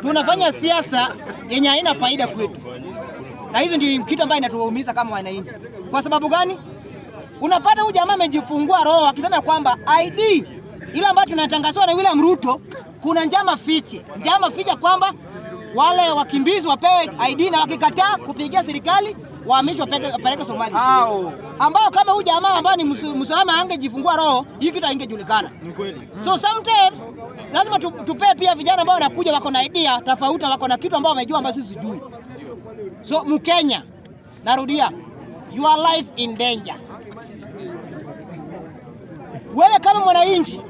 Tunafanya siasa yenye haina faida kwetu, na hizi ndio kitu ambayo inatuumiza kama wananchi. Kwa sababu gani? Unapata huyu jamaa amejifungua roho akisema kwamba ID ile ambayo tunatangazwa na William Ruto, kuna njama fiche, njama fiche kwamba wale wakimbizi wapewe ID na wakikataa kupigia serikali wahamishwa peleke Somalia, ambao kama huyu jamaa ambao ni msalama angejifungua roho hii kitu ingejulikana. Ni kweli. So sometimes lazima tupee pia vijana ambao wanakuja wako na idea tofauti, wako na kitu ambao wamejua ambao sisi sijui. So Mkenya, narudia, your life in danger. Wewe kama mwananchi,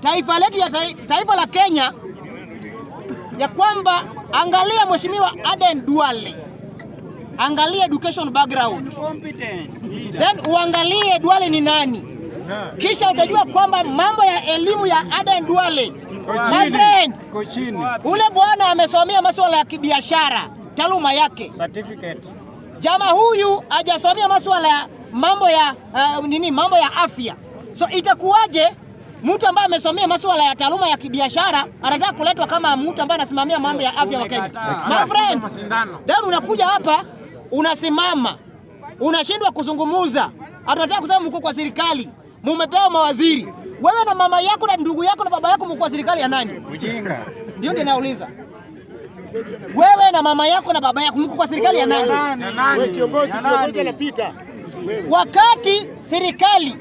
taifa letu ya taifa la Kenya, ya kwamba angalia Mheshimiwa Aden Duale angalia education background, then uangalie Duale ni nani, kisha utajua kwamba mambo ya elimu ya Aden Duale. My friend, ule bwana amesomea masuala ya kibiashara, taaluma yake certificate. Jama huyu hajasomea masuala ya mambo ya uh, nini, mambo ya afya. So itakuwaje mtu ambaye amesomea masuala ya taaluma ya kibiashara anataka kuletwa kama mtu ambaye anasimamia mambo ya afya wa Kenya? My friend, then unakuja hapa unasimama unashindwa kuzungumuza. Hatunataka kusema mko kwa serikali, mumepewa mawaziri. Wewe na mama yako na ndugu yako na baba yako mko kwa serikali ya nani? Ujinga ndio ndio nauliza. Wewe na mama yako na baba yako mko kwa serikali ya nani? Wakati serikali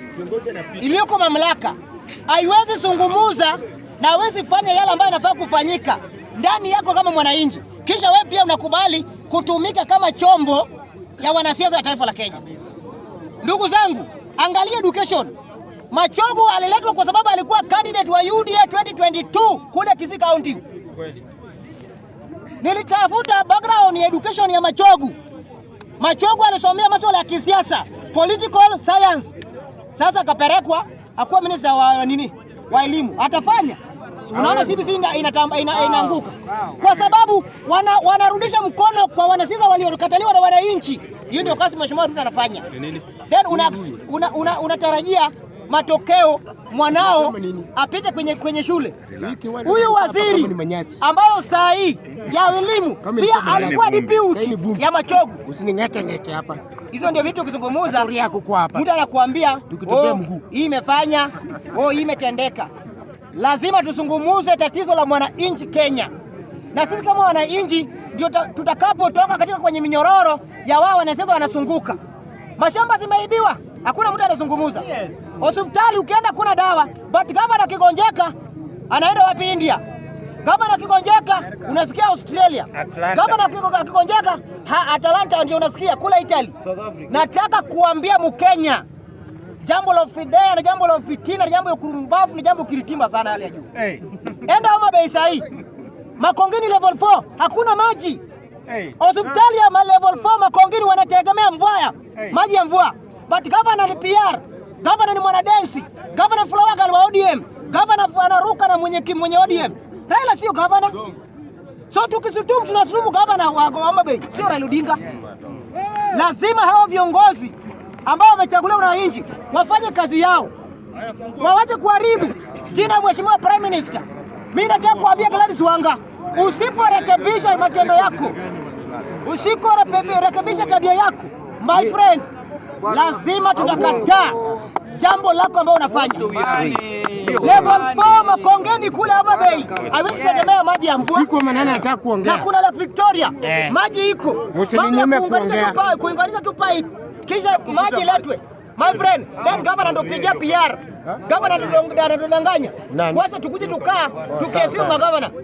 iliyoko mamlaka haiwezi zungumuza na hawezi fanya yale ambayo anafaa kufanyika ndani yako kama mwananchi, kisha wewe pia unakubali kutumika kama chombo ya wanasiasa wa taifa la Kenya. Ndugu zangu, angalia education. Machogu aliletwa kwa sababu alikuwa candidate wa UDA 2022 kule Kisii County. Nilitafuta background ya education ya Machogu. Machogu alisomea masuala ya kisiasa, political science. Sasa akapelekwa akuwa minister wa nini? Wa elimu. Atafanya Unaona CBC inaanguka ina, ina kwa sababu wana, wanarudisha mkono kwa wanasiasa waliokataliwa na wananchi. Hiyo ndio kazi mheshimiwa Ruto anafanya. Then unatarajia una, una, una matokeo mwanao apite kwenye, kwenye shule. Huyu waziri ambayo saa hii ya elimu pia alikuwa dipiuti ya Machogu. Usiningeke ngeke hapa. Hizo ndio vitu ukizungumuza mtu anakuambia oh, hii imefanya, oh, hii imetendeka lazima tuzungumuze tatizo la mwananchi Kenya, na sisi kama wananchi ndio tutakapotoka katika kwenye minyororo ya wao wanasiasa wanasunguka. Mashamba zimeibiwa, hakuna mtu anazungumuza. Hospitali ukienda kuna dawa, but kama anakigonjeka anaenda wapi? India kama nakigonjeka unasikia Australia, kama nakigonjeka Atlanta ndio unasikia kula Italy. Nataka kuambia Mkenya jambo la fidea na jambo la fitina na jambo ya kurumbafu ni jambo kiritima sana hali ya juu. Hey. Enda Homa Bay sahii Makongini level 4 hakuna maji hospitali hey. ya ma level 4 Makongini wanategemea mvua hey. maji ya mvua, but governor ni PR, governor ni mwanadensi, governor Fulawaka wa ODM, governor anaruka na mwenye kim mwenye ODM. Raila sio governor, so tukisutumu tunasulumu governor wa Homa Bay sio Raila Odinga. Lazima hawa viongozi ambao wamechaguliwa na wananchi wafanye kazi yao, waweze kuharibu jina ya mheshimiwa prime minister. Mimi nataka kuambia Gladys Wanga, usiporekebisha matendo yako, usikorekebisha tabia yako, my friend, lazima tutakataa jambo lako ambao unafanya level 4 Makongeni kule Homabay hawezi tegemea maji ya mvua. Siko manana nataka kuongea. Na kuna la Victoria. Eh. Maji iko. Mamlaka kuunganisha tu pipe kisha maji letwe. My friend, then governor pigia PR. Governor anatudanganya. kwasa tukuje tukaa tukiesimu magavana.